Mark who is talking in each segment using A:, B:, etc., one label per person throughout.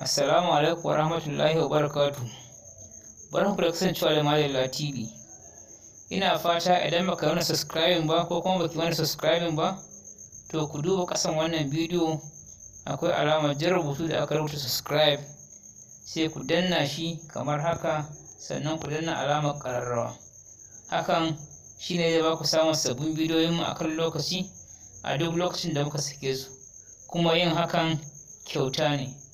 A: Assalamu alaikum wa rahmatullahi wa barakatu. Barkan ku da kasancewa da Malala TV. Ina fata idan baka wani subscribing ba ko kuma baki wani subscribing ba, to ku duba kasan wannan bidiyo akwai alamar jan rubutu da aka rubuta subscribe sai ku danna shi kamar haka sannan ku danna alamar kararrawa. Hakan shi ne zai ba ku samun sabbin bidiyoyinmu a kan lokaci a duk lokacin da muka sake su. Kuma yin hakan kyauta ne.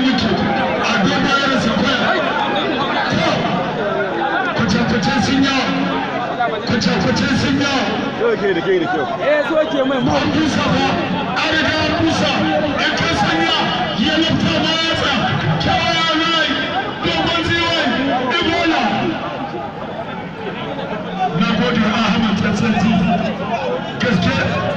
B: muke a gaba ya rasa kwaya kwace-kwacen sun yawa kwace-kwacen sun yawa eh so ke mai mu busa ba an riga an busa an kan na gaske